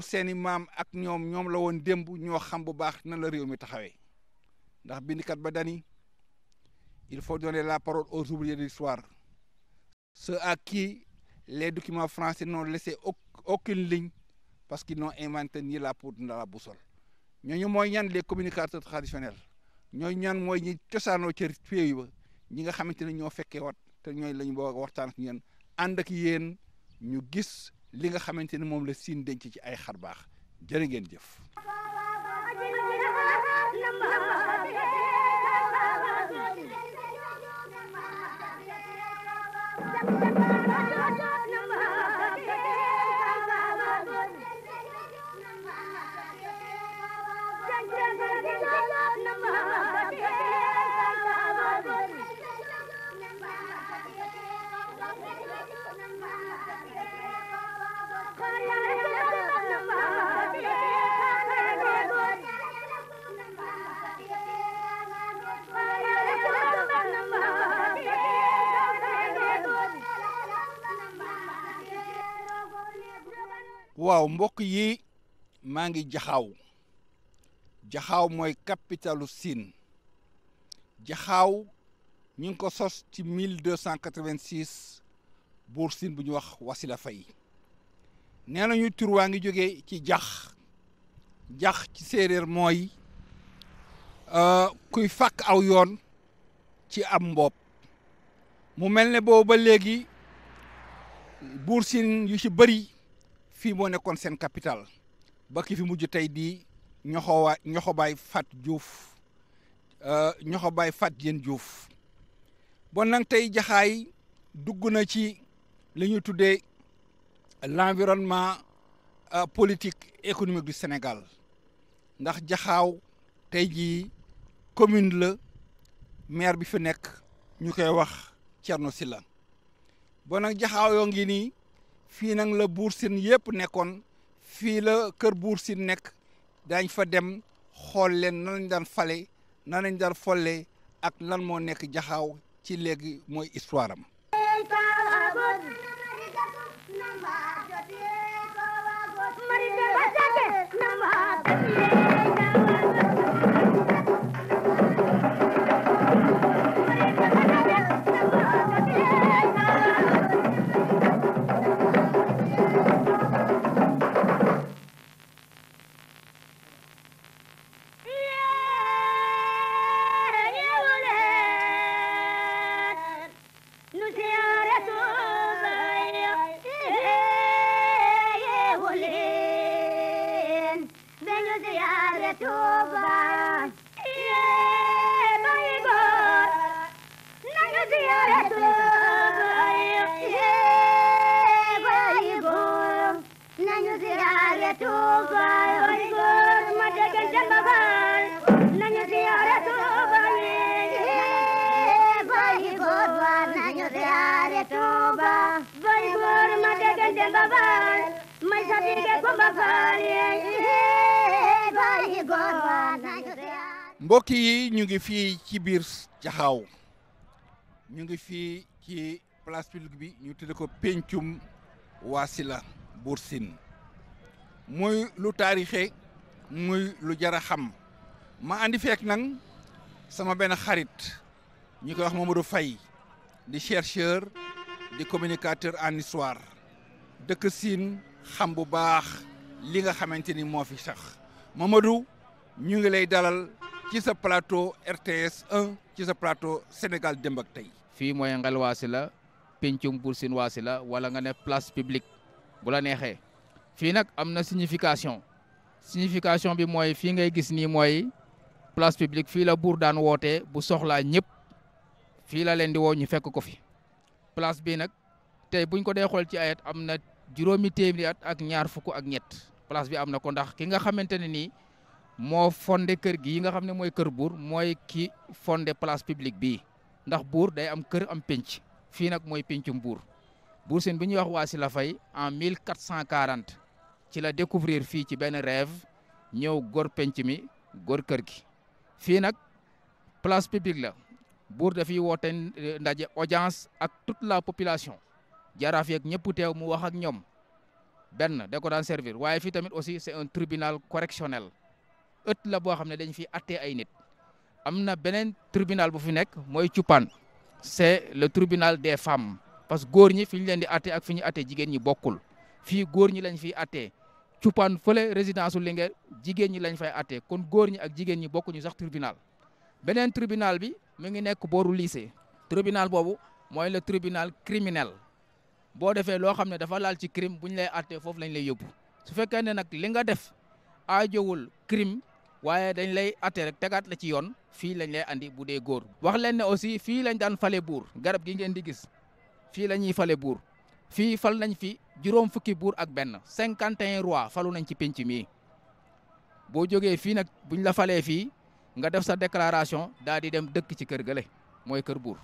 seeni maam ak ñoom ñoom la woon démb ñoo xam bu baax na la réew mi taxawee ndax bindkat ba dani il faut donner la parole aux oubliés de l'histoire ceux à qui les documents français n'ont laissé aucune ligne parce que no inventé ni la poudre bu sol ñoo ñooñu mooy ñan les communicateurs traditionnels ñooñu ñan mooy ñi cosaanoo ca péew ba ñi nga xamante ne ñoo fekkee wat te ñooy lañu boo waxtaan ak ñeen ànd ak yéen ñu gis li nga xamante ni moom la siin denc ci ay xar baax jërë ngeen jëf. waaw mbokk yi maa ngi jaxaaw jaxaaw mooy capitalu Sine jaxaaw ñu ngi ko sos ci 1286 buur Sine bu ñu wax Wasila Fay nee nañu tur waa ngi jóge ci jax jax ci séeréer mooy euh, kuy fàkk aw yoon ci am mboob mu mel ne boobu ba léegi buur Sine yu ci bëri fii moo nekkoon seen capital ba ki fi mujj tey di ñoxowaay ñoxobaay Fat Diouf euh, ñoxobaay Fat Diène Diouf bon nag tey jaxaay dugg na ci li ñuy tuddee l'environnement euh, politique économique du Sénégal ndax jaxaaw tey jii commune la maire bi fi nekk ñu koy wax Thierno Sylla bon nag jaxaaw yoo ngi fii nag la buur siin yépp nekkoon fii la kër buur siin nekk daañ fa dem xool leen nan lañ daan fale nan lañ daan folle ak lan moo nekk jaxaaw ci léegi mooy histoire mbokk yi ñu ngi fii ci biir caxaw ñu ngi fii ci place publique bi ñu tudde ko pencum Wasila Buur Sine muy lu taarixe muy lu jar a xam ma andi feek nag sama benn xarit ñu koy wax Mamadou Faye di chercheur di communicateur en histoire dëkk siin xam bu baax li nga xamante ni moo fi sax Mamadou ñu ngi lay dalal ci sa plateau RTS ci sa plateau Sénégal démb ak tey. fii mooy Ngelwaasi la pencum Bour Sine la wala nga ne place publique bu la neexee. fii nag am na signification signification bi mooy fii ngay gis nii mooy place publique fii la buur daan wootee bu soxlaa ñëpp fii la leen di woo ñu fekk ko fi place bi nag tey buñ ko dee xool ci ayat am na juróomi téeméeri at ak ñaar fukk ak ñett place bi am na ko ndax ki nga xamante ne nii moo fonde kër gi yi nga xam ne mooy kër buur mooy ki fonde place publique bi ndax buur day am kër am pénc fii nag mooy péncum buur buur seen bi ñuy wax la Faye en 1440 ci la découvrir fii ci benn rêve ñëw gor penc mi gor kër gi fii nag place publique la buur dafi woote euh, ndaje audience ak toute la population jaraaf yeeg ñëpp teew mu wax ak ñoom benn da ko daan servir waaye fii tamit aussi c'est un tribunal correctionnel ëtt la boo xam ne dañ fi attee ay nit am na beneen tribinal bu fi nekk mooy cuppaan c'est le tribinal des femmes parce que góor ñi fi ñu leen di attee ak fi ñu attee jigéen ñi bokkul fii góor ñi lañ fiy attee cuppaan fële résidence u Linguère jigéen ñi lañ fay attee kon góor ñi ak jigéen ñi bokkuñu sax tribinal beneen tribunal bi mu ngi nekk booru lycée tribunal boobu mooy le tribunal criminel boo defee loo xam ne dafa laal ci crime bu ñu lay attee foofu lañ lay yóbbu su fekkee ne nag li nga def aajowul crime waaye dañ lay atte rek tegaat la ci yoon fii lañ lay andi bu dee góor wax leen ne aussi fii lañ daan fale buur garab gi ngeen di gis fii la ñuy fale buur fii fal nañ fi juróom fukki buur ak benn cinquante et un roi falu nañ ci penc mii boo jógee fii nag buñ la falee fii nga def sa déclaration daal di dem dëkk ci kër gële mooy kër buur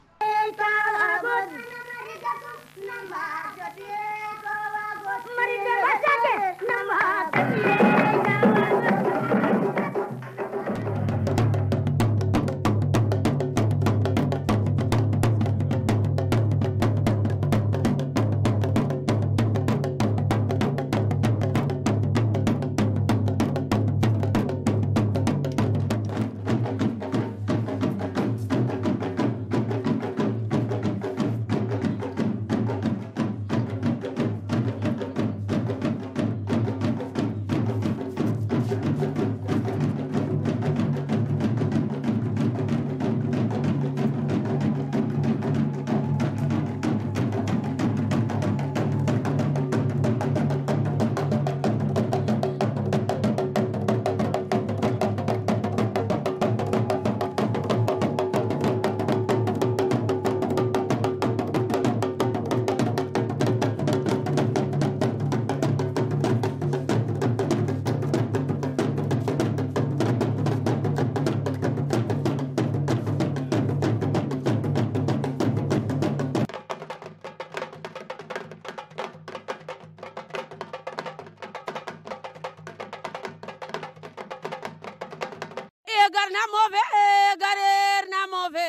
mofe e, garer na mofe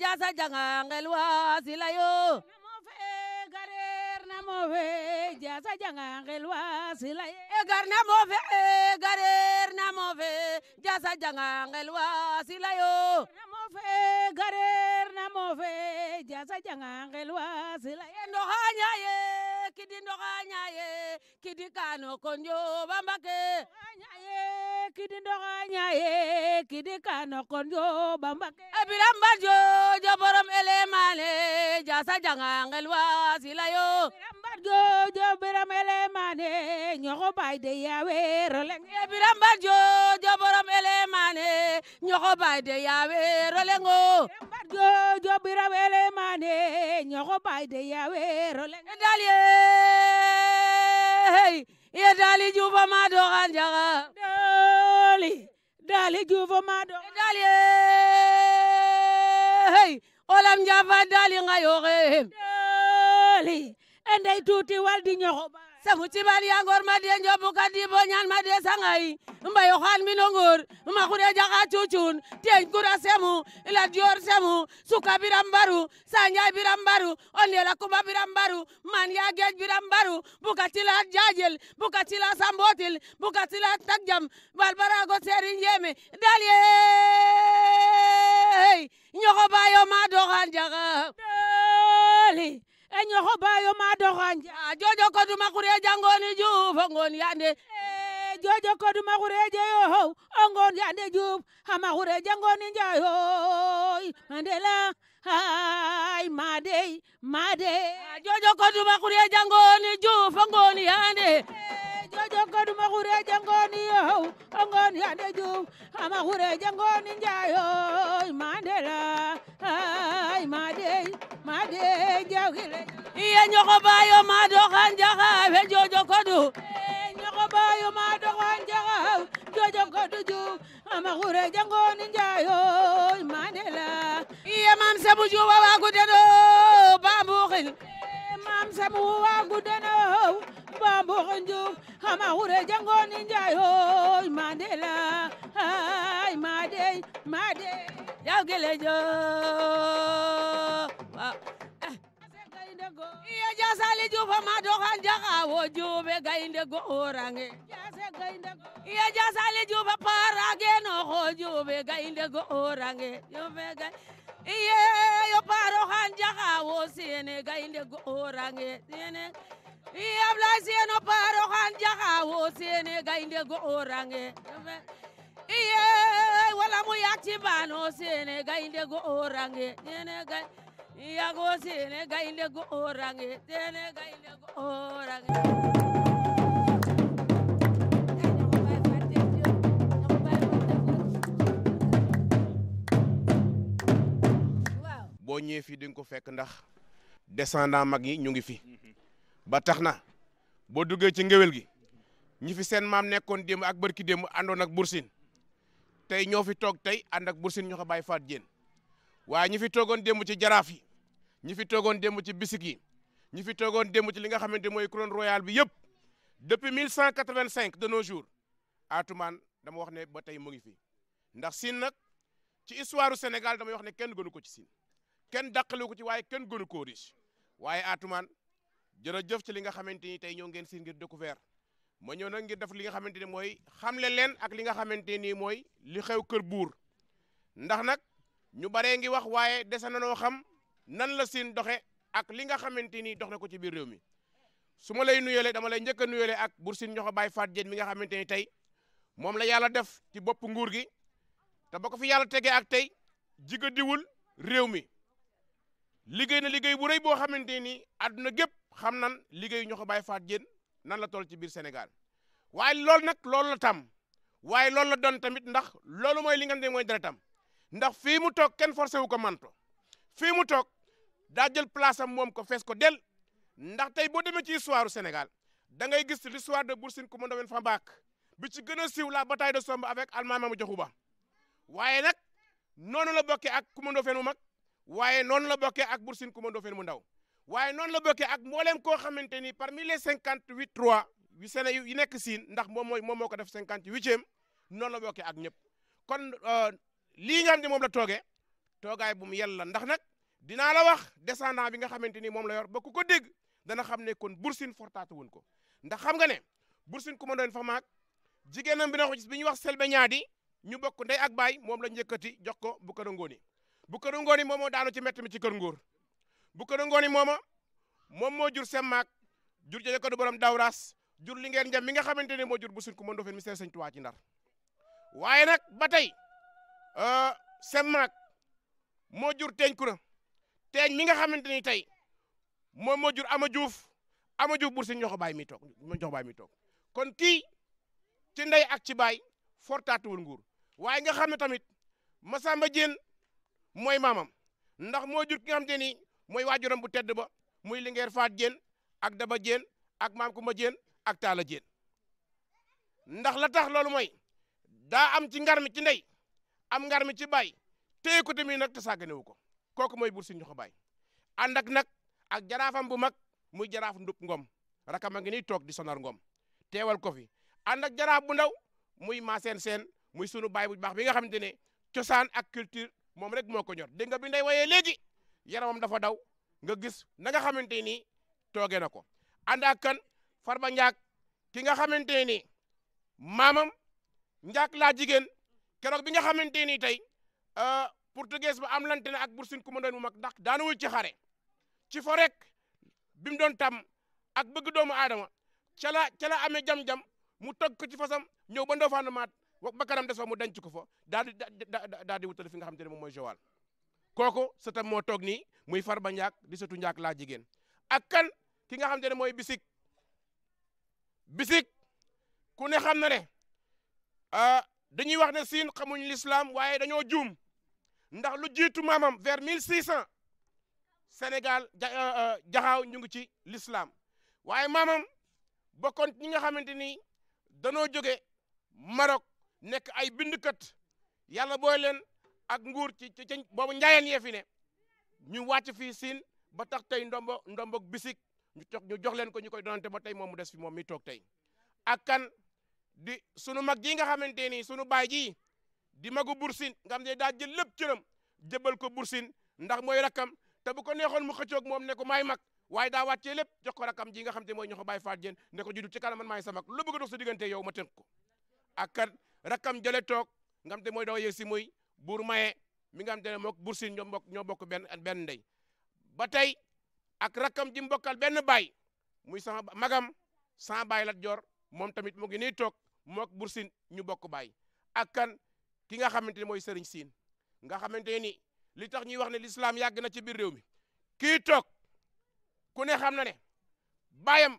jasa janga ngel wasilayo na mofe e, garer na mofe jasa janga ngel wasilayo e, gar na mofe garer na mofe jasa janga ngel wasilayo na mofe garer na mofe jasa janga ngel wasilayo ndoxaña ye kidi ndoxaña ye kidi kano kon yo bambake ndoxaña ye kidi ndoxaña ye kidi kano konjo bamba ke abiram e barjo jo borom elemale jasa janga ngel wasila yo abiram barjo jo biram elemane ñoxo bay de yawe roleng abiram e barjo jo borom elemane ñoxo bay de yawe rolengo abiram barjo jo biram elemane ñoxo bay de yawe roleng daliye ye daali juufa maa doxaan jaxa daali daali juufa maa doxaan daali eh, hey olam njaafa daali nga yooxeem daali endey tuuti wal di ñoxo ba sangu cibal yangor ma die njobu ka di bo ñaan ma die sangayi mbayo xaan mino ngor maxure jaxa cucun teeñ kura semu ila dior semu suka biram mbaru sanjay biram mbaru onela kuba biram mbaru man ya geej biram mbaru buka tila jaajel buka tila sambotil buka tila tagjam balbarago serin yeme dalye ñoxo bayo ma doxaan jaxa dali e ñoxo bayo ma doxanja ah, jojo koduma xureja ngooni juuf o ngoon yaande eh, jojo koduma xureje yo how o juuf xama xureja ngooni njayoy mandela hay madey madey ah, jojo ko duma kure jangoni jufa ngoni ande jojo ko duma kure jangoni yow oh, ngoni ande juf ama ah, kure jangoni jayo oh, mandela hay madey madey jawgile iye nyoko bayo madokan jaha jojo ko du hey. Eh, njaayo ma doxoon jaxaw jojom ko duju ama xure jangooni njaayo mandela iye mam sabu ju wa waagu deno bambu xil mam sabu waagu deno bambu xinju ama xure jangooni njaayo mandela ay ma dey ma dey yaw gele jo waaw iya jasali juufa ma doxan jaxawo juube gaynde goorange jase gaynde iya jasali juufa paaragenoxo juube gaynde goorange juube gay iye yo paaroxan jaxawo seene gaynde goorange seene iye ablay seeno paaroxan jaxawo seene gaynde goorange juube iye wala mu yac ci baano seene gaynde goorange seene gay yago sene gaynde goorange sene gaynde goorange boo ñëwee fii di nga ko fekk ndax dessanda mag yi ñu ngi fi ba tax na boo duggee ci ngéwél gi ñi fi seen maam nekkoon démb ak bërki démb àndoon ak bursin tey ñoo fi toog tey ànd ak bursin ñu ko bàyyi faat jéen waaye ñi fi toogoon démb ci jaraaf ñi fi toogoon démb ci bisik yi ñi fi toogoon démb ci li nga xamante mooy couronne royal bi yëpp depuis 1185 de nos jours Atoumane dama wax ne ba tey mu ngi fi ndax Sine nag ci histoire du Sénégal damay wax ne kenn gënu ko ci Sine kenn dàqalu ko ci waaye kenn gënu koo riche waaye Atoumane jërëjëf ci li nga xamante ni tey ñoo ngeen Sine ngir découvert ma ñëw nag ngir def li nga xamante ni mooy xamle leen ak li nga xamante ni mooy li xew kër buur ndax nag ñu baree ngi wax waaye dese na noo xam nan la siin doxe ak li nga xamante ni dox na ko ci biir réew mi su ma lay nuyolee dama lay njëkk a ak Bour Sine ñoxo Baye Faat Dieng mi nga xamante ni tey moom la yàlla def ci bopp nguur gi te ba ko fi yàlla tegee ak tey jiga diwul réew mi liggéey na liggéey bu rëy boo xamante ni àdduna gépp xam nan liggéey ñoxo Baye Faat Dieng nan la toll ci biir Sénégal waaye loolu nag loolu la tam waaye loolu la don tamit ndax loolu mooy li nga xam ne mooy deretam ndax fii mu toog kenn forcé wu ko manto fii mu toog daa jël place am moom ko fees ko del ndax tey boo demee ci histoire Sénégal da ngay gis l'histoire de Bour Sine Coumba Ndoffène Fambaak bi ci gën a siiw la bataille de Somb avec Almaami Mamadou Diakhou Ba waaye nag noonu la bokke ak Coumba Ndoffène mu mag waaye noonu la bokke ak Bour Sine Coumba Ndoffène mu ndaw waaye noonu la bokke ak mbooleem koo xamante ni parmi les cinquante huit trois yu Séné yu nekk siin ndax moom mooy moom moo ko def cinquante huitième noonu la bokkee ak ñëpp kon euh, lii nga moom la toogee toogaay bu mu yel la ndax nag dinaa la wax descendant bi nga xamante ni moom la yor ba ku ko dégg dana xam ne kon Boursine fortaatu woon ko ndax xam nga ne Boursine ku ma doon fa maag jigéenam bi na ko gis bi ñuy wax Selbé Niadi ñu bokk ndey ak baay moom la njëkkati jox ko Boucar Ngoni Boucar Ngoni moom moo daanu ci mett mi ci kër Ngor Boucar Ngoni mooma moom moo jur seen maag jur jëjë ko du borom jur li ngeen njam mi nga xamante ne moo jur Boursine ku ma doon fa ministère Sëñ Tuubaa ci ndar waaye nag ba tey euh, seen maag moo jur teeñ kura teeñ mi nga xamante ni tey moom moo jur ama juuf ama juuf bur si ñoxo baay mi toog ñoxo baay mi toog kon ti ci ndey ak ci baay fortaatuwul nguur waaye nga xam ne tamit Masamba Diène mooy maamam ndax moo jur ki nga xamante ni mooy waajuram bu tedd ba muy Linguère Faat Diène ak Daba Diène ak Maam Kumba Diène ak Taala Diène ndax la tax loolu mooy daa am ci ngar mi ci ndey am ngar mi ci baay téye ko tamit nag te sàgganewu ko kooku mooy Buur Sine Ndiokha Baye ànd ak nag ak jaraafam bu mag muy jaraaf ndub ngom rakam a ngi nii toog di sonar ngom teewal ko fi ànd ak jaraaf bu ndaw muy maaseen seen muy sunu baay bu baax bi nga xamante ne cosaan ak culture moom rek moo ko ñor dégg nga bi nday wayee léegi yaramam dafa daw nga gis nanga nga xamante ni toogee na ko ànd kan far ba njaag ki nga xamante ni maamam njaak laa jigéen keroog bi nga xamante ni tey Euh, portugais ba am lante na ak bursin ku ma doon mu mag ndax daanawul ci xare ci fo rek bi mu doon tam ak bëgg doomu aadama ca la ca la amee jam-jam mu togg ko ci fasam ñëw ba Ndofane maat bakkanam des fa mu denc ko fo daal di daal di wutale fi nga xam te ne moom mooy Joal kooku sëtam moo toog nii muy ba Ndiak di sëtu Ndiak laa jigéen ak kan ki nga xam te ne mooy Bisik Bisik ku ne xam na ne euh, dañuy wax ne siin xamuñ lislaam waaye dañoo juum ndax lu jiitu maamam vers mille six cent Sénégal euh, euh, jaxaaw ñu ngi ci l'islam waaye maamam bokkoon ñi nga xamante ni danoo jóge Maroc nekk ay bindkat yàlla booy leen ak nguur ci ci ci boobu njaayeen yee fi ne ñu wàcc fii siin ba tax tey ndombo ndombog bisik ñu jox ñu jox leen ko ñu koy donante ba tey moom mu des fi moom mi toog tey ak kan di sunu mag ji nga xamante ni sunu baay ji di magu bursin nga xam ne daa jël lépp cëram jëbal ko bursin ndax mooy rakkam te bu ko neexoon mu xëccoog moom ne ko maay mag waaye daa wàccee lépp jox ko rakkam ji nga xam te mooy ño ko bàyyi faat jeen ne ko juddu ci kanam man maay sa mag lu bëgg dox sa diggante yow ma tënk ko ak kat rakkam jële toog ngam xam te mooy daw yëg si muy buur maye mi nga xam te ne mook bursin ñoo bokk ñoo bokk benn benn ndey ba tey ak rakkam ji mbokkal benn baay muy sama magam sans baay Lat Joor moom tamit mu ngi nii toog mook bursin ñu bokk baay ki nga xamante ne mooy Serigne siin nga xamante ni li tax ñuy wax ne l'islam yàgg na ci biir réew mi kii toog ku ne xam na ne baayam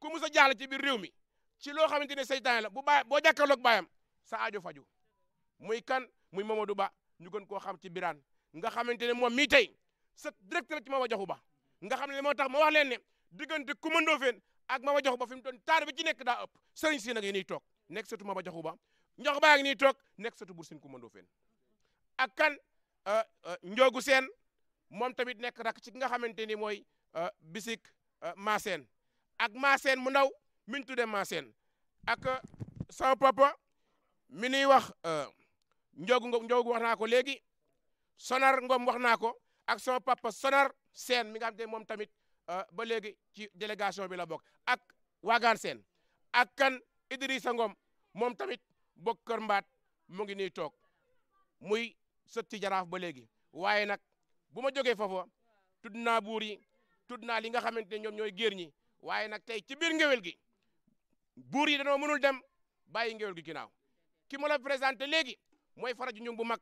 ku sa a jaaxle ci biir réew mi ci loo xamante ne seytaan la bu baay boo jàkkaarloog baayam sa ajo faju muy kan muy Mamadou Ba ñu gën koo xam ci biraan nga xamante ne moom mii tey sa direct la ci Mama Jaxu Ba nga xam ne moo tax ma wax leen ne diggante ku mëndoo feen ak Mama Jaxu Ba fi mu doon taar bi ci nekk daa ëpp Serigne Sine ak yéen ñuy toog nekk surtout Mama Jaxu Ba njox baa ngi nii toog nekk sëtu Buur Sine mando Ndoofeen ak kan euh, euh, njoogu seen moom tamit nekk rak ci ki nga xamante ni mooy euh, bisik maaseen ak maaseen mu ndaw mi ñu tuddee maaseen ak sama papa mi nuy wax njoogu njoogu wax naa ko léegi sonar ngom wax naa ko ak sama papa sonar seen mi nga xamante moom tamit ba léegi ci délégation bi la bokk ak waagaan seen ak kan Idrissa Ngom moom tamit bokk kër mbaat mu ngi nii toog muy sëtti jaraaf ba léegi waaye nag bu ma jógee foofa tudd naa buur yi tudd naa li nga xamante ne ñoom ñooy géer ñi waaye nag tey ci biir ngewel gi buur yi danoo mënul dem bàyyi ngewel gi ginnaaw ki ma la présenté léegi mooy faraju ñu bu mag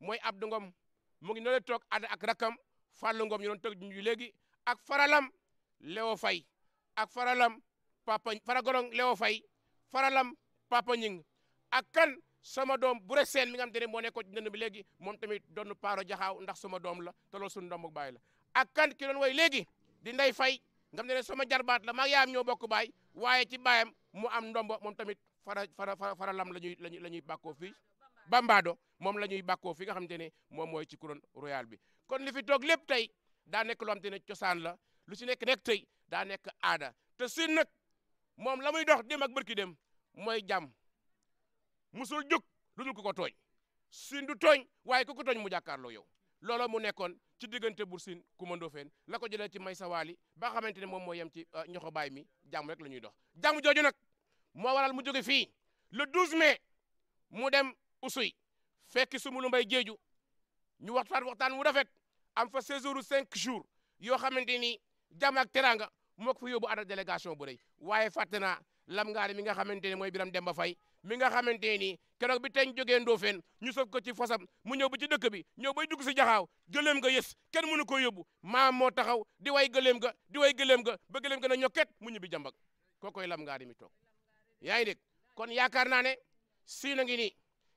mooy Abdou Ngom mu ngi noonu toog ànd ak rakam Fallou Ngom ñu doon toog ñu léegi ak faralam Léo Faye ak faralam papa faragorong Léo Faye faralam papa ñing ak kan sama doom bu re seen mi nga xam ne moo nekkoon ci dënn bi léegi moom tamit doon paaro jaxaaw ndax sama doom la te loolu suñu ndomb baay la ak kan ki doon way léegi di nday fay nga xam te ne sama jarbaat la maa yaayam ñoo bokk baay waaye ci baayam mu am ndombo moom tamit fara fara fara lam la ñuy la ñuy bàkkoo fii bambado moom la ñuy bàkkoo fi nga xam te ne moom mooy ci couronne royale bi kon li fi toog lépp tey daa nekk loo xam te cosaan la lu si nekk nekk tey daa nekk aada te sin nag moom la muy dox dem ak bërki dem mooy jàmm musul jóg lu dul ku ko tooñ Sine du tooñ waaye ku ko tooñ mu jàkkaarloo yow loola mu nekkoon ci diggante Bour Sine Coumba Ndoffène la ko jëlee ci may sawaali ba xamante ne moom mooy yem ci euh, ñoxo baay mi jàmm rek la ñuy dox jàmm jooju nag moo waral mu jóge fii le 12 mais mu dem usuy fekk Soumboulou Mbaye Diédhiou ñu waxtaan waxtaan mu rafet am fa séjour cinq jours yoo xamante ni jàmm ak teraanga moo ko fa yóbbu ànd bu rey waaye fàtte naa lam ngaari mi nga xamante ne mooy Birame Demba Faye mi nga xamante ni keroog bi teñ jógee Ndofeen ñu soog ko ci fasam mu ñëw ba ci dëkk bi ñëw bay dugg si jaxaaw gëléem nga yës kenn mënu ko yóbbu maam moo taxaw di way gëléem nga di way gëléem nga ba gëléem nga na ñokket mu ñibbi jambag koy lam ngaa di mi toog yaa ngi dégg kon yaakaar naa ne Siin a ngi ni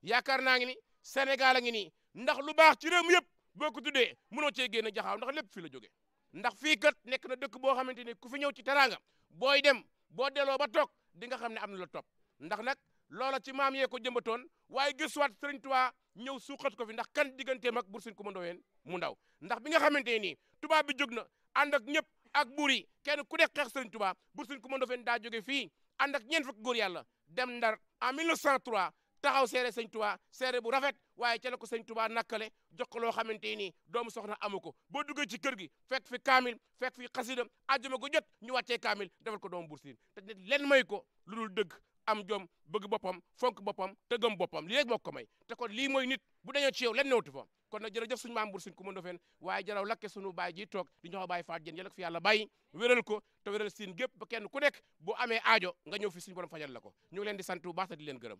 yaakaar naa ngi ni Sénégal a ngi ni ndax lu baax ci réew mi yëpp boo ko tuddee mënoo cee génn jaxaaw ndax lépp fii la joge ndax fii kat nekk na dëkk boo xamante ni ku fi ñëw ci teraanga booy dem boo delloo ba toog di nga xam ne am na la topp ndax nag loola ci maam yee ko jëmbatoon waaye gëstuwaat sëriñ Tuubaa ñëw suuxat ko fi ndax kan digganteem ak Buur Sine Kumba Ndoyeen mu ndaw ndax bi nga xamante nii tubaab bi jóg na ànd ak ñëpp ak buur yi kenn ku nekk xeex sëriñ Tuubaa Buur Sine Kumba Ndoyeen daa jóge fii ànd ak ñeent fukk góor yàlla dem ndar en 1903 taxaw seere sëñ Tuubaa seere bu rafet waaye ca la ko sëñ Tuubaa nakkale jox ko loo xamante nii doomu soxna amu ko boo duggee ci kër gi fekk fi kaamil fekk fi xasida àjjuma gu jot ñu wàccee kaamil defal ko doomu Buur Sine te lenn may ko lu dëgg am jom bëgg boppam fonk boppam te gëm boppam lii rek moo ko may te kon lii mooy nit bu dañoo ci yow lenn newtu fa kon nag jërëjëf suñu maam bur suñ ko mën dofen waaye jaraw lakke suñu baay ji toog di ñoo baay faat jën yàlla ko fi yàlla bàyyi wéral ko te wéral siin gépp ba kenn ku nekk bu amee aajo nga ñëw fi suñu borom fajal la ko ñu ngi leen di sant bu baax te di leen gërëm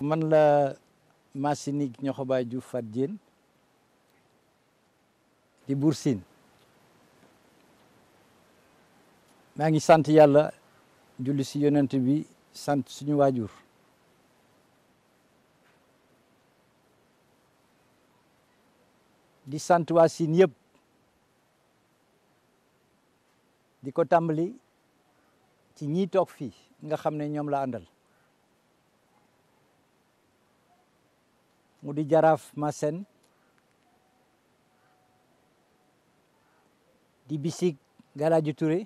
man la Massinig Niokhobaye Diouf Fat Diène di Bour Sine maa ngi sant yàlla julli si yonent bi sant suñu waajur di sant waa Sine yëpp di ko tàmbali ci ñii toog fii nga xam ne ñoom la àndal mu di jaraaf masen di bisig Galaaju Touré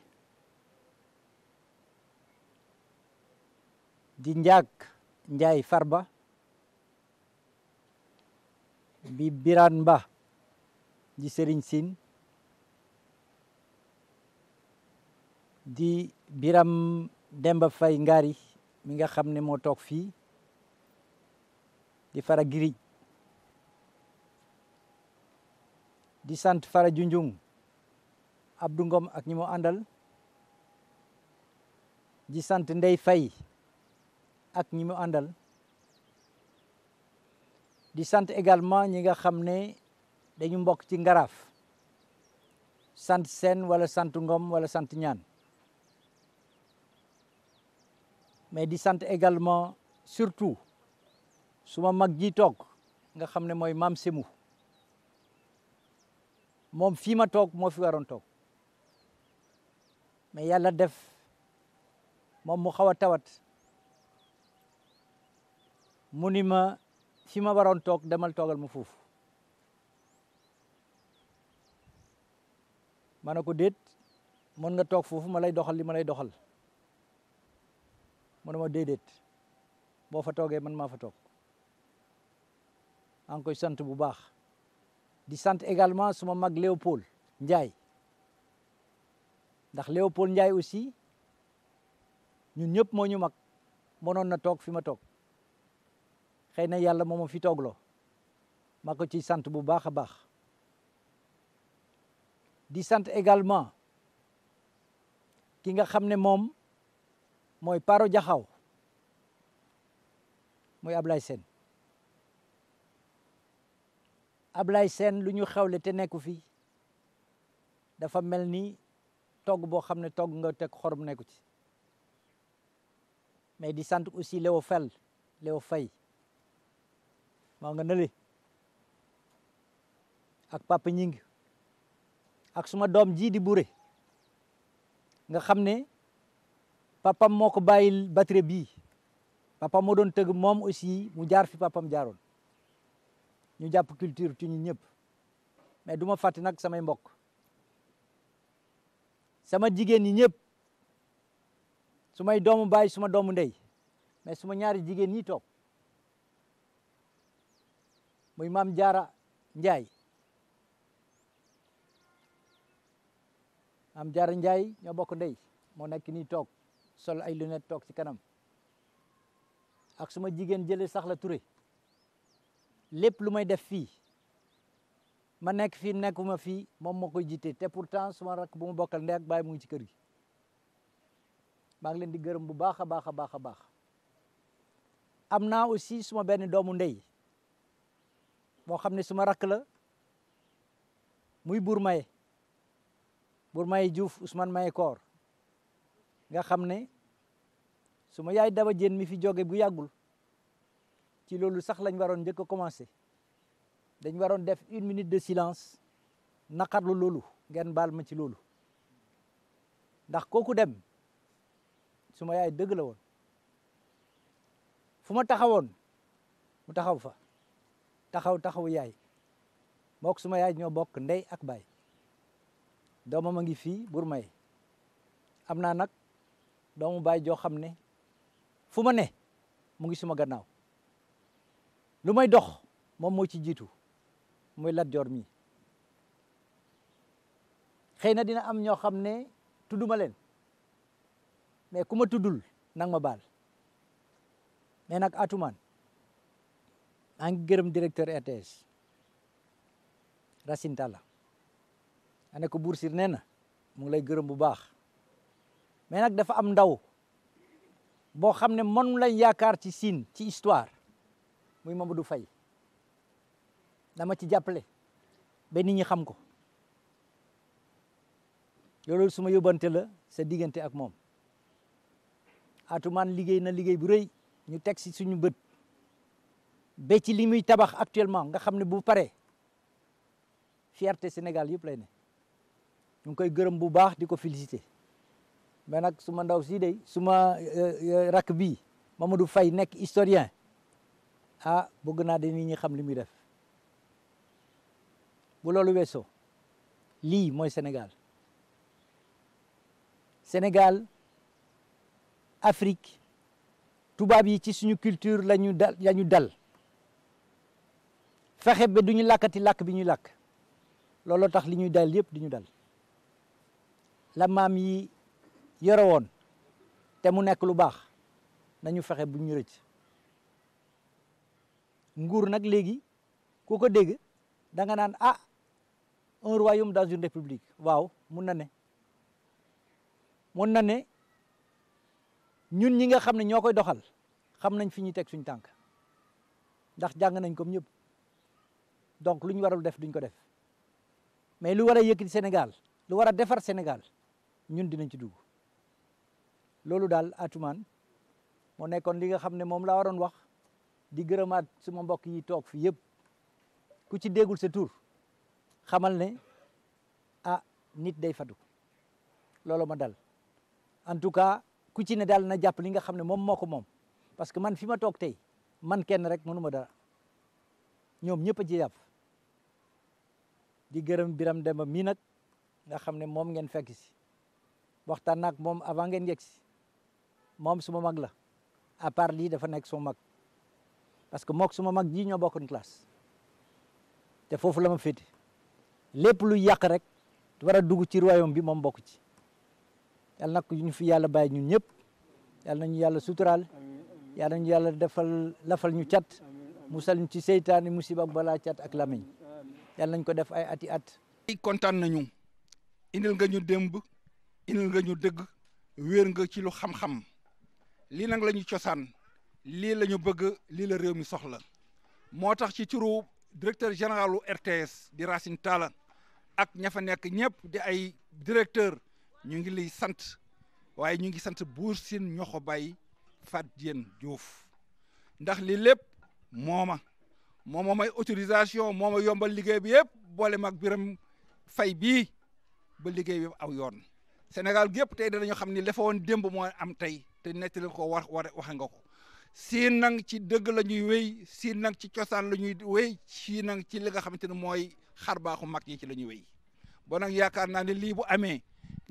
di njaag Njaay Farba bi Biraan Ba di Sëriñ Siin di Biram Demba fay Ngari mi nga xam ne moo toog fii di Fara Girij di sant Fara Junjung Abdou Ngom ak ñi mu àndal di sant Ndey fay ak ñi mu àndal di sant également ñi nga xam ne dañu mbokk ci Ngaraaf sant Sène wala sant Ngom wala sant Ñaan mais di sant également surtout suma mag ji toog nga xam ne mooy maam Sémou moom fii ma toog moo fi waroon toog mais yàlla def moom mu xaw a tawat mu ni ma fi ma waroon toog demal toogal ma foofu ma ne ko déet mën nga toog foofu ma lay doxal li ma lay doxal mu ne ma boo fa toogee man maa fa toog maa ngi koy sant bu baax di sant également suma mag Léopold njaay ndax Léopold njaay aussi ñun ñëpp moo ñu mag mënoon na toog fi ma toog xëy na yàlla moo ma fi toogloo ma ko ciy sant bu baax a baax di sant également ki nga xam ne moom mooy Paro Jaxaw muy Ablaye Sène Ablaye seen lu ñu xewle te nekku fi dafa mel ni togg boo xam ne togg nga teg xorom nekku ci mais di sant aussi Léo Fell Léo Faye moo nga nële ak Papa Ñing ak suma doom jii di bure nga xam ne papam moo ko bàyyil batterie bii papam moo doon tëgg moom aussi mu jaar fi papam jaaroon ñu jàpp culture ci ñu ñëpp mais duma fàtte nag samay mbokk sama jigéen ñi ñëpp su may doomu baay suma doomu ndey mais suma ma ñaari jigéen ñi toog muy maam jaara njaay maam jaara njaay ñoo bokk ndey moo nekk nii toog sol ay lunettes toog ci kanam ak su ma jigéen jële sax la Touré lépp lu may def fii ma nekk fii nekkuma fii moom moo koy jiite te pourtant suma rakk bu mu bokkal ndey ak baay mu ngi ci kër gi maa ngi leen di gërëm bu baax a baax a baax a baax am naa aussi suma benn doomu ndey moo xam ne suma rakk la muy Bour Maye Bour Maye Diouf Ousmane Maye Koor nga xam ne su ma yaay daba jéen mi fi jóge bu yàggul ci loolu sax lañ waroon njëkk a commencé dañ waroon def une minute de silence naqarlu loolu ngeen baal ma ci loolu ndax kooku dem su ma yaay dëgg la woon fu ma taxawoon mu taxaw fa taxaw taxaw yaay mook suma yaay ñoo bokk ndey ak baay doomam a ngi fii bur may am naa nag doomu baay joo xam ne fu ma ne mu ngi suma gannaaw lu may dox moom moo ci jiitu muy Lat Joor mi xëy na dina am ñoo xam ne tudduma leen mais ku ma tuddul nang ma baal mais nag atumaan maa gërëm directeur RTS Racine Talla ane ko Buur Sine nee na mu ngi lay gërëm bu baax mais nag dafa am ndaw boo xam ne moom lañ yaakaar ci Sine ci histoire muy du fay dama ci jàppale ba ni ñi xam ko loolu suma yóbbante la sa diggante ak moom Atoumane liggéey na liggéey bu rëy ñu teg si suñu bët ba ci li muy tabax actuellement nga xam ne bu paree fierté Sénégal yëpp lay ne ñu ngi koy gërëm bu baax di ko féliciter mais nag su ndaw sii day su ma eh, eh, rakk bii Mamadou Faye nekk historien a ah, bëgg naa de nit ñi xam lu muy def bu loolu weesoo lii mooy Sénégal Sénégal Afrique tubaab yi ci suñu culture la ñu dal la dal fexe ba du ñu làkkati làkk bi ñuy lakk looloo tax li ñuy dal yépp di ñu dal la maam yi yore woon te mu nekk lu baax nañu fexe bu ñu rëcc nguur nag léegi ku ko dégg da nga naan ah un royaume dans une république waaw mun na ne mun na ne ñun ñi nga xam ne ñoo koy doxal xam nañ fi ñuy teg suñ tànk ndax jàng nañ comme ñëpp donc lu ñu warul def duñ ko def mais lu war a yëkkati Sénégal lu war a defar Sénégal ñun dinañ ci dugg loolu daal atumaan moo nekkoon li nga xam ne moom laa waroon wax di gërëmaat suma mbokk yi toog fi yëpp ku ci déggul sa tuur xamal ne ah nit day fadu looloo ma dal en tout cas ku ci ne daal na jàpp li nga xam ne moom moo ko moom parce que man fi ma toog tey man kenn rek mënu ma dara ñoom ñëpp a ci jàpp di gërëm Biram Demba mii nag nga xam ne moom ngeen fekk si waxtaan naag moom avant ngeen yegg si moom suma mag la à part lii dafa nekk suma mag parce que mook suma mag ji ñoo bokkoon classe te foofu la ma féete lépp lu yàq rek war a dugg ci royaume bi moom bokk ci yàlla nag ñu fi yàlla bàyyi ñun ñëpp yàlla nañu yàlla suturaal yàlla nañu yàlla defal lafal ñu cat musal ñu ci seytaane musiba ak balaa cat ak lamiñ yàlla nañ ko def ay ati at i kontaan nañu indil nga ñu démb indil nga ñu dëgg wéer nga ci lu xam-xam lii nag la cosaan lii lañu bëgg lii la réew mi soxla moo tax ci turu directeur généralu RTS di Racine Talla ak ña fa nekk ñëpp di ay directeur ñu ngi lay sant waaye ñu ngi sant buur Sine ñoxo bay Fat Diène Diouf ndax lii lépp mooma mooma may autorisation mooma yombal liggéey bi yëpp boole mag biram fay bi ba liggéey bi aw yoon Sénégal gépp tey danañu xam ni dafa woon démb moo am tey te nettali ko war war waxe nga ko siin nag ci dëgg la ñuy wéy siin nag ci cosaan la ñuy wéy siin nag ci li nga xamante ne mooy xar baaxu mag yi ci la ñuy wéy bon nag yaakaar naa ne lii bu amee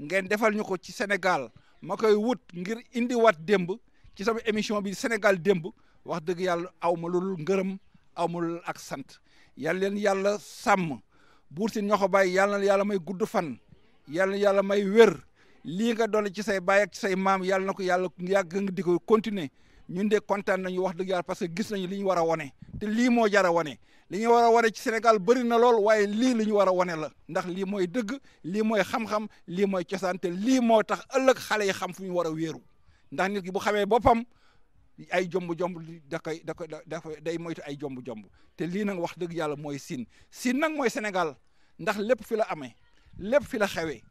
ngeen defal ñu ko ci senegal ma koy wut ngir indiwaat démb ci sama émission bi Sénégal démb wax dëgg yàlla aw ma loolu ngërëm aw ma ak sant yàlla leen yàlla sàmm buur si ñoo ko bàyyi yàlla na yàlla may gudd fan yàlla na yàlla may wér lii nga dolli ci say baay ak ci say maam yàlla na ko yàlla yàgg nga di ko continuer ñun de kontaan nañu wax dëgg yàlla parce que gis nañu li ñu war a wane te lii moo jar wane li ñu war a wane ci Sénégal bëri na lool waaye lii li ñu war a wane la ndax lii mooy dëgg lii mooy xam-xam lii mooy cosaan te lii moo tax ëllëg xale yi xam fu ñu war a wéeru ndax nit ki bu xamee boppam ay jomb-jomb da koy da koy da day moytu ay jomb-jomb te lii nag wax dëgg yàlla mooy siin Sine nag mooy Sénégal ndax lépp fi la amee lépp fi la xewee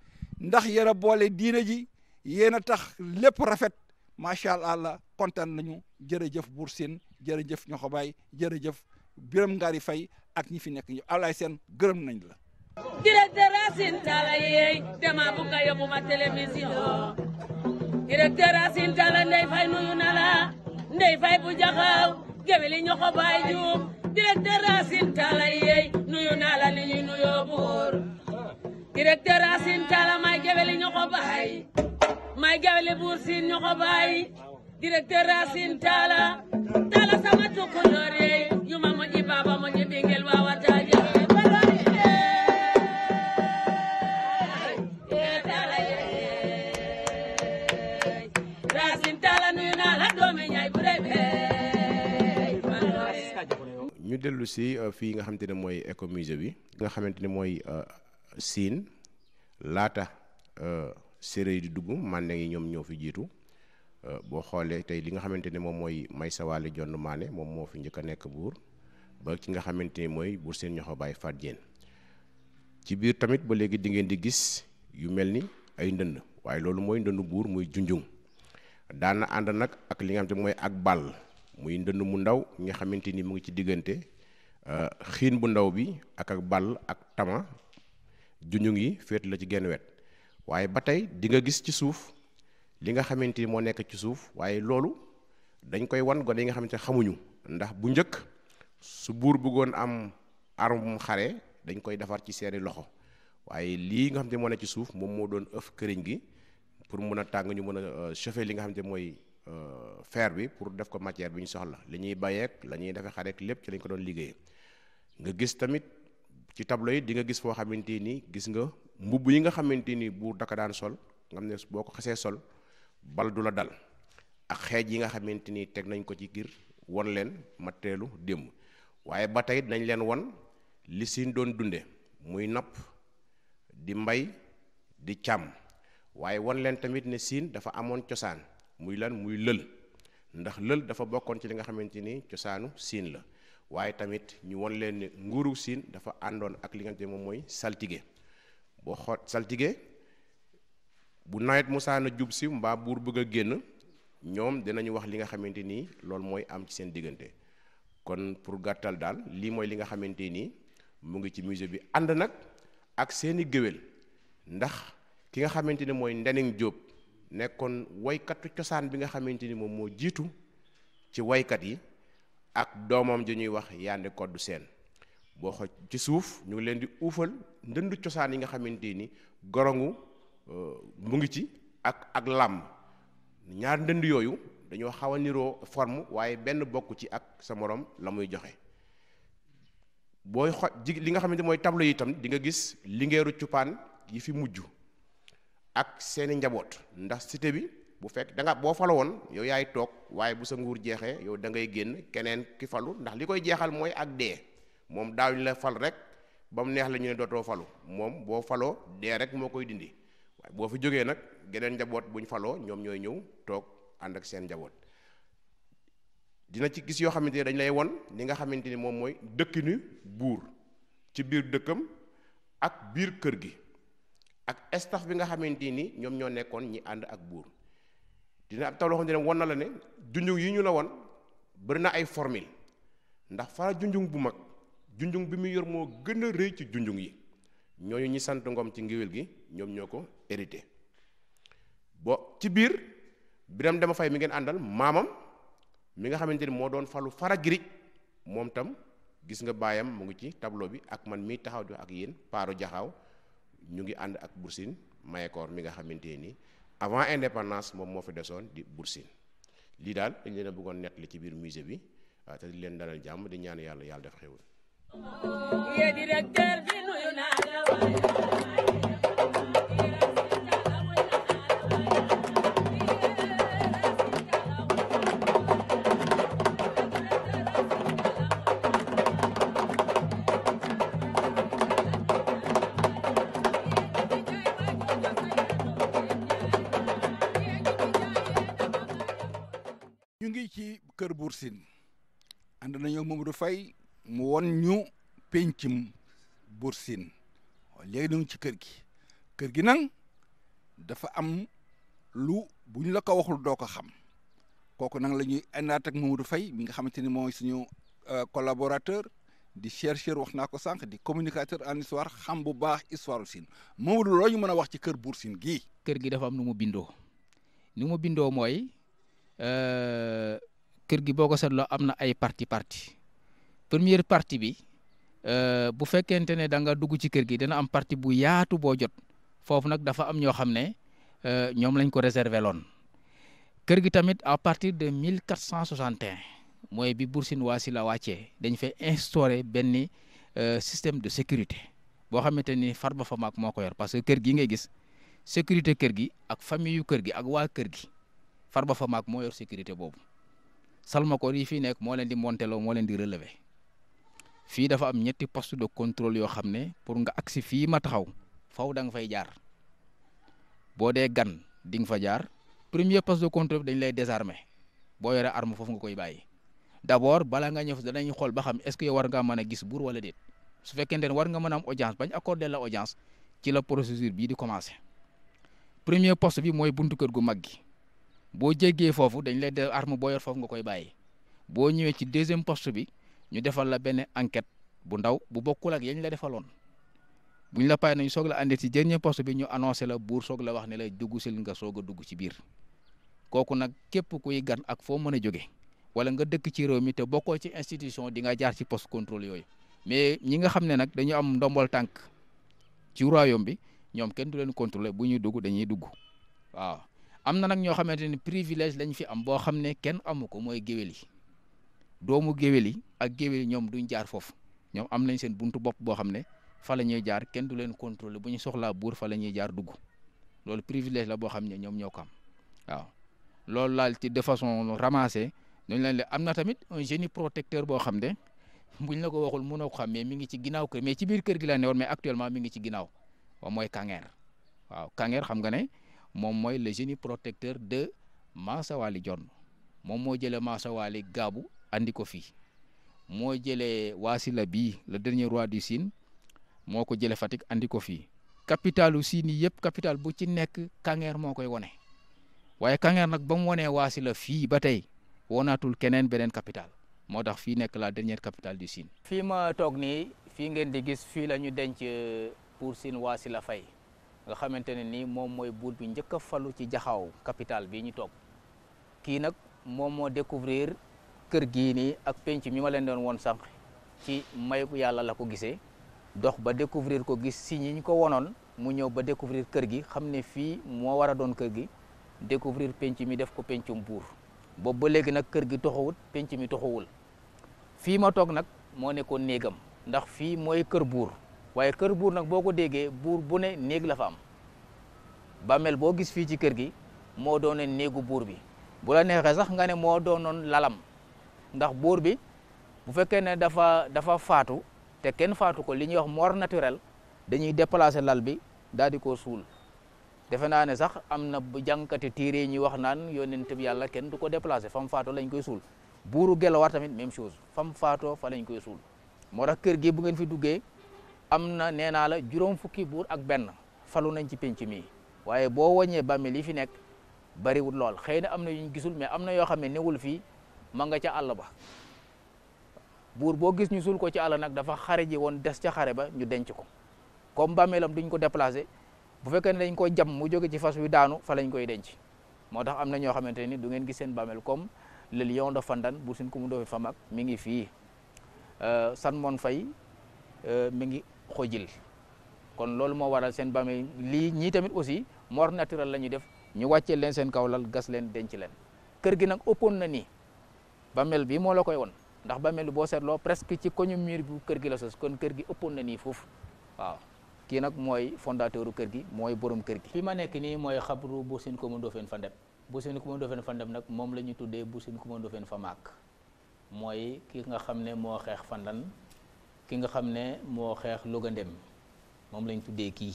ndax yéen boole diina ji yéen a tax lépp rafet macha allah kontaan nañu jërëjëf Buur Sine jërëjëf ñoxo baay jërëjëf Biram Ngari Fay ak ñi fi nekk ñu Ablaye gërëm nañ la directeur Racine Talla yeey dama bu ka yóbbu ma télévision directeur Racine Talla Ndey Fay nuyu na Fay bu jaxaw geweli ñoxo baay juum directeur Racine Talla yeey nuyu na directeur Racine Talla may geweli ñoo ko may geweli buur siin ñoo ko bàyyi directeur Racine Talla Talla sama tukulóor yee yu ma moƴƴi baaba moƴƴi ɓingel waawa taaje Racine Talla nuyu naa la doomi ñaay bu rëy ñu dellu si euh, fii nga xamante ne mooy écomusée bi nga xamante ne mooy euh, siin laata euh, séeréer yi di dugg mànne yi ñoom ñoo fi jiitu euh, boo xoolee tey li nga xamante ne moom mooy may Waly Dione Mané moom moo fi njëkk a nekk buur ki nga xamante ne mooy buur seen ñoxo baay Fat Diène ci biir tamit ba léegi di ngeen di gis yu mel ni ay ndënd waaye loolu mooy ndënd buur muy junjung daana ànd nag ak li nga xamante mooy ak bal muy ndënd mu ndaw nga xamante ni mu ngi ci diggante euh, xiin bu ndaw bi ak ak bàll ak tama junju ngi féetu la ci genn wet waaye ba tey dinga gis ci suuf li nga xamante ni moo nekk ci suuf waaye loolu dañ koy wan gone yi nga xamante ne xamuñu ndax bu njëkk su buur bëggoon am arme xare dañ koy defar ci seeni loxo waaye lii nga xam ne moo nekk ci suuf moom moo doon ëf këriñ gi pour mun a tàng ñu mën a euh, chauffer li nga xam ne mooy euh, fer bi pour def ko matière bi ñu soxla li ñuy bayeek la ñuy defee xareek lépp ci lañ ko doon liggéeyee nga gis tamit ci tablo yi di nga gis foo xamante ni gis nga mbubb yi nga xamante ni buur daka daan sol nga xam ne boo ko xasee sol bal du la dal ak xeej yi nga xamante ni teg nañ ko ci ngir won leen matteelu démb waaye ba tey nañ leen won li siin doon dunde muy napp di mbay di càmm waaye won leen tamit ne siin dafa amoon cosaan muy lan muy lël ndax lël dafa bokkoon ci li nga xamante ni cosaanu siin la waaye tamit ñu won leen ne nguuru siin dafa àndoon ak li nga xam moom mooy saltige boo xoot saltige bu nawet musaana jub si mbaa buur bëgg a génn ñoom dinañu wax li nga xamante nii loolu mooy am ci seen diggante kon pour gàttal daal lii mooy li nga xamante nii mu ngi ci musée bi ànd nag ak seeni géwél ndax ki nga xamante ni mooy Ndening Jóob nekkoon waykatu cosaan bi nga xamante ni moom moo jiitu ci waykat yi ak doomam ji ñuy wax Yandé Codou Sène boo xoj ci suuf ñu ngi leen di uufal ndënd cosaan yi nga xamante ni gorongu euh, mu ngi ci ak ak làmm ñaar ndënd yooyu dañoo xaw a niroo forme waaye benn bokk ci ak sa morom la muy joxe booy xoj li nga xamante mooy tableau yi itam di nga gis lingeeru cupaan yi fi mujj ak seeni njaboot ndax cité bi bu fekk danga boo falo woon yow yaay toog waaye bu sa nguur jeexee yow dangay génn keneen ki falu ndax li koy jeexal mooy ak dee moom daawuñ la fal rek ba mu neex la ñu ne dootoo falu moom boo faloo dee rek moo koy dindi waaye boo fi jógee nag geneen njaboot buñ faloo ñoom ñooy ñëw toog ànd ak seen njaboot dina ci gis yoo xamante ni dañ lay won ni nga xamante ni moom mooy dëkk dëkkinu buur ci biir dëkkam ak biir kër gi ak staf bi nga xamante ni ñoom ñoo nekkoon ñi ànd ak buur dina ab taw loo xam ne won na la ne junjung yi ñu la won bëri na ay formule ndax fara junjung bu mag junjung bi muy yor moo gën a rëy ci junjung yi ñooñu ñi sant ngoom ci ngiwél gi ñoom ñoo ko hérité bo ci biir biram dama fay mi ngeen àndal maamam mi nga xamante ni moo doon falu fara girij moom tam gis nga baayam mu ngi ci tableau bi ak man mii taxaw di ak yéen paaru jaxaw ñu ngi ànd ak bursin mayekoor mi nga xamante ni avant indépendance moom moo fi desoon di Boursine lii daal dañ leen a bëggoon li ci biir musée bi waaw te di leen dalal jàmm di ñaan yàlla yàlla def xewul ci kër Buur Sine ànd nañoo du fay mu won ñu pencum Buur Sine léegi ñu ci kër gi kër gi nag dafa am lu bu ñu la ko waxul doo ko xam kooku nag lañuy ñuy àndaat ak Mamadou Faye mi nga xamante ni mooy suñu euh, collaborateur di chercheur wax naa ko sànq di communicateur en histoire xam bu baax histoire Sine Mamadou loo ñu mën a wax ci kër Buur Sine gii. kër gi dafa am nu mu bindoo nu mu bindoo mooy. Euh, kër gi boo ko seetloo am na ay parti parti première parti bi euh, bu fekkente ne da nga dugg ci kër gi dana am parti bu yaatu boo jot foofu nag dafa am ñoo xam ne euh, ñoom lañ ko réserver loon kër gi tamit à partir de 1461 mooy bi Buur Siin la wàccee dañ fay instauré benn système de sécurité boo xamante ni far ba Farba Famaak moo ko yor parce que kër gi ngay gis sécurité kër gi ak famille yu kër gi ak waa kër gi ba Farba Famaak moo yor sécurité boobu Salmakoor yi fi nekk moo leen di monteloo moo leen di relever fii dafa am ñetti poste de contrôle yoo xam ne pour nga agsi fii ma taxaw faw da nga fay jaar boo dee gan di nga fa jaar premier poste de contrôle dañ lay désarmer boo yore arme foofu nga koy bàyyi d'abord bala nga ñëw danañ xool ba xam est-ce war ngaa mën a gis buur wala déet su fekkente ne war nga mën a am audience bañ accordé la audience ci la procédure bii di commencer premier poste bi mooy bunt kër gu mag gi boo jegee foofu dañ lay def arme boo yor foofu nga koy bàyyi boo ñëwee ci deuxième post bi ñu defal la benn enquête bu ndaw bu bokkul ak yañ la defaloon buñ la pay nañ soog la andi ci dernier poste bi ñu annoncé la buur soog la wax ne lay dugg sil nga soog a dugg ci biir kooku nag képp kuy gan ak foo mën a jóge wala nga dëkk ci réew mi te bokkoo ci institution di nga jaar ci post contrôle yooyu mais ñi nga xam ne nag dañu am ndombol tànk ci royaume bi ñoom kenn du leen contrôler bu ñuy dugg dañuy dugg waaw am na nag ñoo xamante ni privilège lañ fi am boo xam ne kenn amu ko mooy géwél yi doomu géwél yi ak géwél yi ñoom duñ jaar foofu ñoom am nañ seen buntu bopp boo xam ne fa la ñuy jaar kenn du leen contrôler bu ñu soxlaa buur fa la ñuy jaar dugg loolu privilège la boo xam ne ñoom ñoo ko am loolu laal ci de façon ramassée ñu leen le am na tamit un génie protecteur boo xam ne buñ la ko waxul mënoo ko xam mais mi ngi ci ginnaaw kër mais ci biir kër gi la ne woon mais actuellement mi ngi ci ginnaaw moom mooy Kanger waaw Kanger xam nga ne. moom mooy le génie protecteur de Maasawaali jon moom moo jëlee Maasawaali Gaabu andi ko fii moo jëlee Waasila bii le dernier roi du Sine moo ko jëlee Fatick andi ko fii capitalu Sine yëpp capital bu ci nekk Kangeer moo koy wone waaye Kangeer nag ba mu wonee Waasila fii ba tey wonaatul keneen beneen capital moo tax fii nekk la dernière capitale du Sine. fi ma toog nii fii ngeen di gis fii la ñu denc euh, pour Sine Waasila Faye nga xamante ne ni moom mooy buur bi njëkk falu ci jaxaw capital bi ñu toog kii nag moom moo découvrir kër gi nii ak penc mi ma leen doon woon sànq ci mayu yàlla la ko gisee dox ba découvrir ko gis si ñi ñu ko wonoon mu ñëw ba découvrir kër gi xam ne fii moo war a doon kër gi découvrir penc mi def ko pencum buur boobu ba léegi nag kër gi toxawut penc mi toxawul fii ma toog nag moo nekkoon néegam ndax fii mooy kër buur waaye kër buur nag boo ko déggee buur bu ne néeg la fa am bàmmeel boo gis fii ci kër gi moo doone néegu buur bi bu la neexee sax nga ne moo doon doonoon lalam ndax buur bi bu fekkee ne dafa dafa faatu te kenn faatu ko li ñuy wax mort naturelle dañuy déplacer lal bi daal di ko suul defe naa ne sax am na jànkati tiire yi ñuy wax naan ne bi yàlla kenn du ko déplacer fam faatoo lañ koy suul buuru Gelwaar tamit même chose fam faatoo fa lañ koy suul moo tax kër gi bu ngeen fi duggee am na nee naa la juróom fukki buur ak benn falu nañ ci penc mi waaye boo wàññee bameel yi fi nekk bariwul lool xëy na am na yuñ gisul mais am na yoo xam ne newul fii ma nga ca àll ba buur boo gis ñu suul ko ci àll nag dafa xare ji woon des ca xare ba ñu denc ko comme bàmmeelam duñ ko déplacé bu fekkee ne dañ ko jam mu jóge ci fas wi daanu fa lañ koy denc moo tax am na ñoo xamante ni du ngeen gis seen bàmmeel comme le lion de Fandane Buur Sine Coumba Ndoffé Famaak mi ngi fii euh, San Fay euh, mi ngi xojil kon loolu moo waral seen bàmmeel lii ñii tamit aussi mort naturelle la ñuy def ñu wàccee leen seen kaw lal gas leen denc leen kër gi nag ëppoon na nii bàmmeel bi moo la koy woon ndax bàmmeel boo seetloo presque ci koñu mur bu kër gi la sos kon kër gi ëppoon na nii foofu waaw kii nag mooy fondateur kër gi mooy borom kër gi. fi ma nekk nii mooy xabru Buusin Kumba Ndoofeen Fandeb Buusin Kumba Ndoofeen Fandeb nag moom la ñu tuddee Buusin Kumba Ndoofeen Famaak mooy ki nga xam ne moo xeex fandan ki nga xam ne moo xeex Louga Ndem moom lañ tuddee kii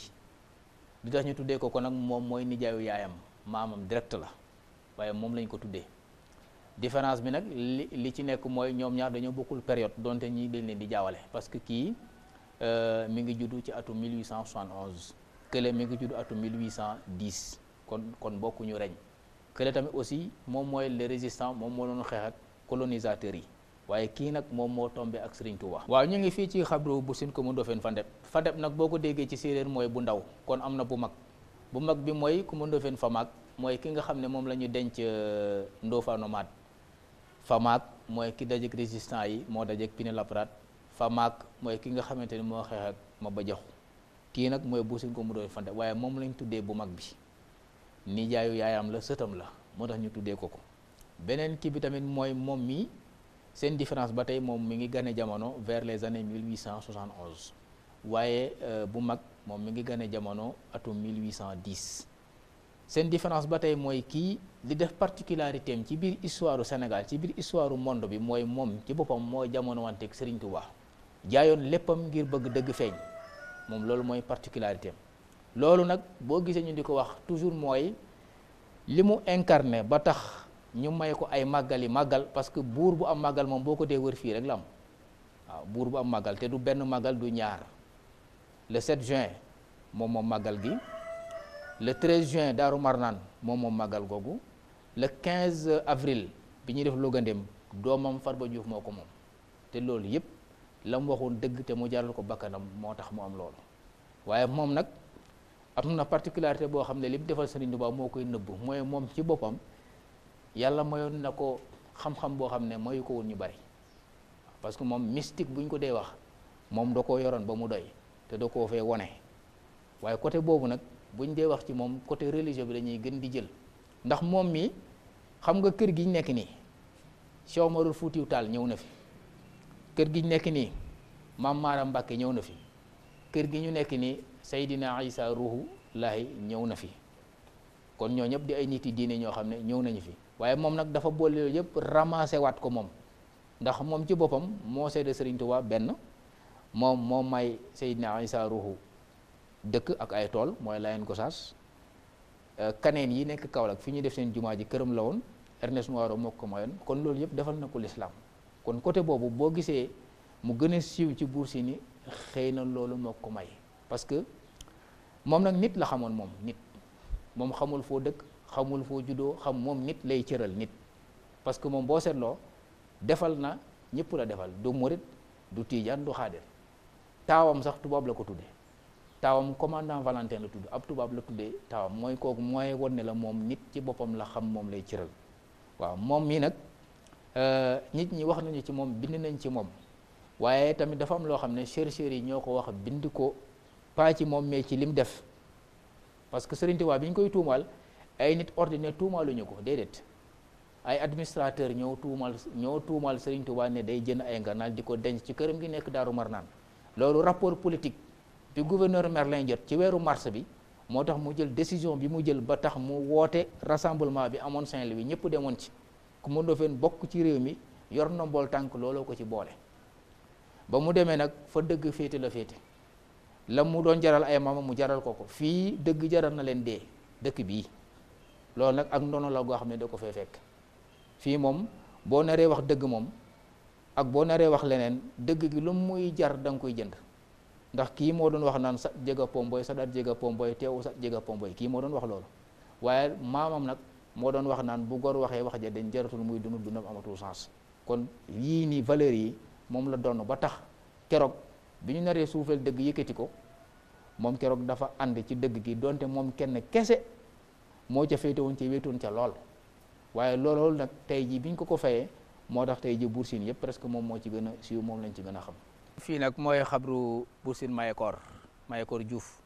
li tax ñu tuddee ko ko nag moom mooy nijaayu yaayam maamam direct la waaye moom lañ ko tuddee différence bi nag li li ci nekk mooy ñoom ñaar dañoo bokkul période donte ñi dañ leen di jaawale parce que kii euh, mi ngi juddu ci atum 1871 kële mi ngi juddu atum 1810 kon kon bokkuñu reñ kële tamit aussi moom mooy le résistant moom moo doon xeex ak colonisateur yi. waaye kii nag moom moo tombee ak Serigne Touba. waaw ñu ngi fii ci xabru bu sin ko mu ndofeen fa Fandeb nag boo ko déggee ci séeréer mooy bu ndaw kon am na bu mag bu mag bi mooy ku mu ndofeen Famaak mooy ki nga xam ne moom la ñu denc euh, Ndofanomaat Famaak mooy ki dajeek résistant yi moo dajeek Pinet-Laprade Famaak mooy ki nga xamante ni moo xeex ak Maba Jaxu kii nag mooy bu sin ko mu ndofeen Fandeb waaye moom lañ tuddee bu mag bi nijaayu yaayam la sëtam la moo tax ñu tuddee ko ko beneen kii bi tamit mooy moom mii. seen différence ba tey moom mi ngi gane jamono vers les années 1871 waaye euh, bu mag moom mi ngi gane jamono atum 1810 seen différence ba tey mooy kii li def particularité am ci biir histoire Sénégal ci biir histoire monde bi mooy moom ci boppam mooy jamono wante ak Serigne waa jaayoon léppam ngir bëgg dëgg feeñ moom loolu mooy particularité loolu nag boo gisee ñu di ko wax toujours mooy li mu incarné ba tax. ñu may ko ay màggali màggal parce que buur bu am màggal moom boo ko dee wër fii rek la am waaw buur bu am màggal te du benn màggal du ñaar le 7 juin moom moom màggal gi le 13 juin Daaru Marnaan moom moom màggal googu le 15 avril bi ñuy def Logandem doomam Farba Diouf moo ko moom te loolu yëpp la mu waxoon dëgg te mu jaral ko bakkanam moo tax mu am loolu waaye moom nag am na particularité boo xam ne li mu defal Serigne Touba moo koy nëbb mooy moom ci boppam. yàlla mayoon na ko xam-xam boo xam ne mayu ko woon ñu bari parce que moom mystique bu ñu ko dee wax moom doo ko yoroon ba mu doy te doo koo fee wone waaye côté boobu nag bu ñu dee wax ci moom côté religieux bi dañuy gën di jël ndax moom mi xam nga kër gi ñu nekk nii Cheikh Omarul Fuutiyu Taal ñëw na fi kër gi nekk nii Maam Maara Mbàkke ñëw na fi kër gi ñu nekk nii Seydina Isa Ruuhu Laahi ñëw na fi kon ñoo ñëpp di ay nit yi diine ñoo xam ne ñëw nañu fi waaye moom nag dafa boole yooyu yëpp ramassé waat ko moom ndax moom ci boppam moo seede Sëriñ Tuubaa benn moom moo may Seydina Isa ruuxu dëkk ak ay tool mooy Layeen Gosaas euh, kaneen yi nekk Kaolack fi ñuy def seen jumaa ji këram la woon Ernest Noiro moo ko mayoon kon loolu yëpp defal na ko lislaam kon côté boobu boo gisee mu gën a siiw ci buur si ni xëy na loolu moo ko may parce que moom nag nit la xamoon moom nit moom xamul foo dëkk xamul foo juddoo xam moom nit lay cëral nit parce que moom boo seetloo defal na ñëpp la defal du murit du tiijan du xaadir taawam sax tubaab la ko tuddee taawam commandant Valentin la tudd ab tubaab la tuddee taawam mooy kooku mooy won ne la moom nit ci boppam la xam moom lay cëral waaw moom mii nag euh, nit ñi wax nañu ci moom bind nañ ci moom waaye tamit dafa am loo xam ne chercheurs yi ñoo ko wax bind ko paa ci moom mais ci lim def parce que Serigne Touba bi ñu koy tuumaal ay nit ordinaire tuumaaluñu ko déedéet ay administrateur ñoo tuumal ñoo tuumal Serigne Touba ne day jënd ay nganaal di ko denc ci këram gi nekk Daaru Marnaan loolu rapport politique bi gouverneur Merlin jot ci weeru mars bi moo tax mu jël décision bi mu jël ba tax mu woote rassemblement bi amoon Saint-Louis ñëpp demoon ci ku mën feen bokk ci réew mi yor na ndombool tànk looloo ko ci boole ba mu demee nag fa dëgg féete la féete la mu doon jaral ay maama mu jaral ko ko fii dëgg jaral na leen dee dëkk bii loolu nag ak ndono la goo xam ne da ko fee fekk fii moom boo naree wax dëgg moom ak boo naree wax leneen dëgg gi lu muy jar da koy jënd ndax kii moo doon wax naan sa jega pomboy sa daat jega pomboy teewu sa jega pomboy kii moo doon wax loolu waaye maamam nag moo doon wax naan bu gor waxee wax ja dañ jaratul muy dund dundam amatul sens kon yii nii valeurs yi moom la donn ba tax keroog bi ñu naree suufeel dëgg yëkkati ko moom keroog dafa ànd ci dëgg gi donte moom kenn kese moo ca féete woon ca wéetoon ca lool waaye loolu nag tey jii bi ñu ko ko fayee moo tax tey jii Buur Siin yëpp presque moom moo ci gën a siiw moom lañ ci gën a xam. fii nag mooy xabru Buur Siin Mayakor Mayakor Diouf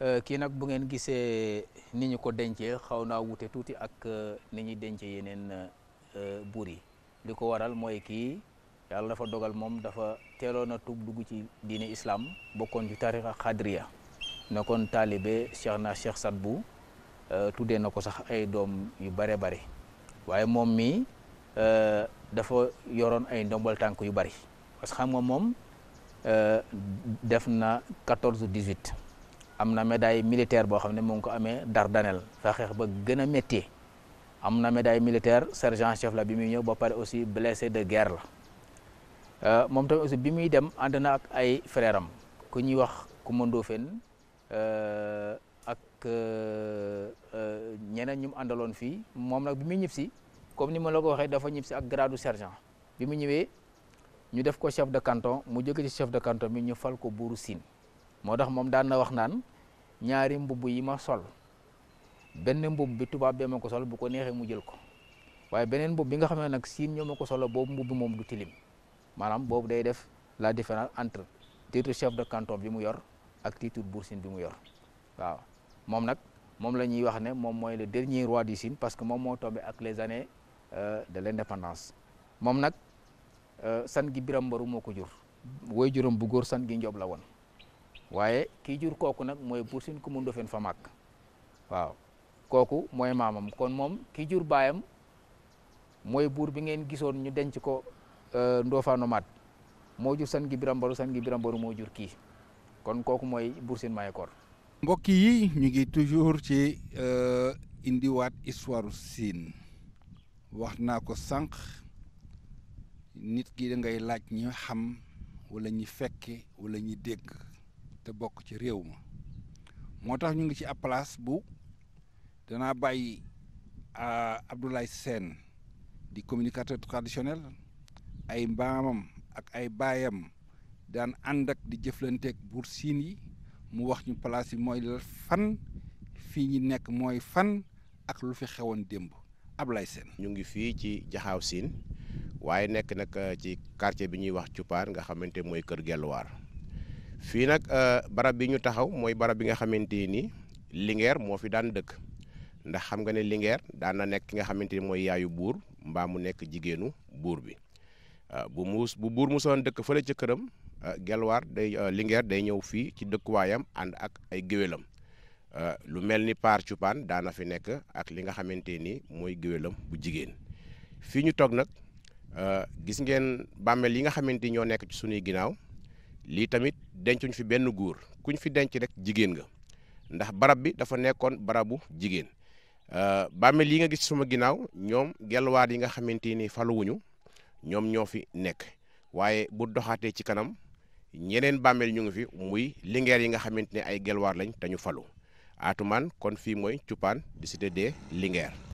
euh, kii nag bu ngeen gisee ni ñu ko dencee xaw naa wute tuuti ak euh, ni ñuy dencee yeneen euh, buur yi li ko waral mooy kii yàlla dafa dogal moom dafa teeloon a tuub dugg ci diine islaam bokkoon ju tarixa xadriya nekkoon taalibe Cheikh na sat Sadbu. tout euh, tuddee na ko sax ay doom yu bare bare waaye moom mii euh, dafa yoroon ay ndombal tànk yu bari parce que xam nga moom euh, def na quatorze dix-huit am na médaille militaire boo xam ne mu ngi ko amee Dardanelles fa xeex ba gën a métti am na médaille militaire sergent chef la bi muy ñëw ba pare aussi blessé de guerre la moom tamit aussi bi muy dem ànd na ak ay frère am ku ñuy wax Coumba Ndoffène ak euh, euh, ñeneen ñu mu àndaloon fii moom nag bi muy ñib si comme ni ma la ko waxee dafa ñib si ak grade sergent bi mu ñëwee ñu def ko chef de canton mu jóge ci chef de canton bi ñu fal ko buuru Sine moo tax moom daan na wax naan ñaari mbubb yi ma sol benn mbubb bi tubaab bee ma ko sol bu ko neexee mu jël ko waaye beneen mbubb bi nga xam ne nag Sine ñoo ma ko solo boobu mbubb moom du tilim maanaam boobu day def la différence entre titre chef de canton bi mu yor ak titre buur Sine bi mu yor waaw moom nag moom la ñuy wax ne moom mooy le dernier roi du Sine parce que moom moo tombé ak les années euh, de l'indépendance moom nag euh, san gi biram mbaru moo ko jur woy juram bu góor san gi njob la woon waaye kii jur kooku nag mooy Buur Sine Kumba fa Famaak waaw kooku mooy maamam kon moom kii jur baayam mooy buur bi ngeen gisoon ñu denc ko euh, Ndofane Maat moo jur san gi biram mbaru san gi biram mbaru moo jur kii kon kooku mooy Buur Sine Mayakor mbokk yi ñu ngi toujours ci euh, indiwaat histoire Siin wax naa ko sànq nit ki da ngay laaj ñi xam walla ñi fekke wala ñi dégg te bokk ci réew ma moo tax ñu ngi ci ab place bu danaa bàyyi Abdoulaye seen di communicateur traditionnel ay mbaamam ak ay baayam daan ànd ak di jëflanteek buur siin yi mu wax ñu place yi mooy fan fii ñi nekk mooy fan ak lu fi xewoon démb Ablaye Sène ñu ngi fii ci jaxaw Siin waaye nekk nag euh, ci quartier bi ñuy wax Cupaar nga xamante mooy Kër Gelwaar fii nag euh, barab bi ñu taxaw mooy barab bi nga xamante ni Linguère moo fi daan dëkk ndax xam nga ne Linguère daan na nekk ki nga xamante ni mooy yaayu buur mbaa mu nekk jigéenu buur bi euh, bu muus bu buur musoon dëkk fële ca këram Euh, gelwaar day euh, lingeer day ñëw fii ci dëkkuwaayam ànd ak ay géwélam euh, lu mel ni paar cupaan daana fi nekk ak li nga xamante ni mooy géwélam bu jigéen fii ñu toog nag gis ngeen bàmmeel yi nga xamante ni ñoo nekk ci sunuy ginnaaw lii tamit dencuñ fi benn góor kuñ fi denc rek jigéen nga ndax barab dafa nekkoon barabu jigéen bàmmeel yi nga gis suma ginnaaw ñoom gelwaar yi nga xamante ni faluwuñu ñoom ñoo fi nekk waaye bu doxaatee ci kanam ñeneen bàmmeel ñu ngi fi muy lingeer yi nga xamante ne ay gelwaar lañ te ñu falu atumaan kon fii mooy cuppaan di cité de lingeer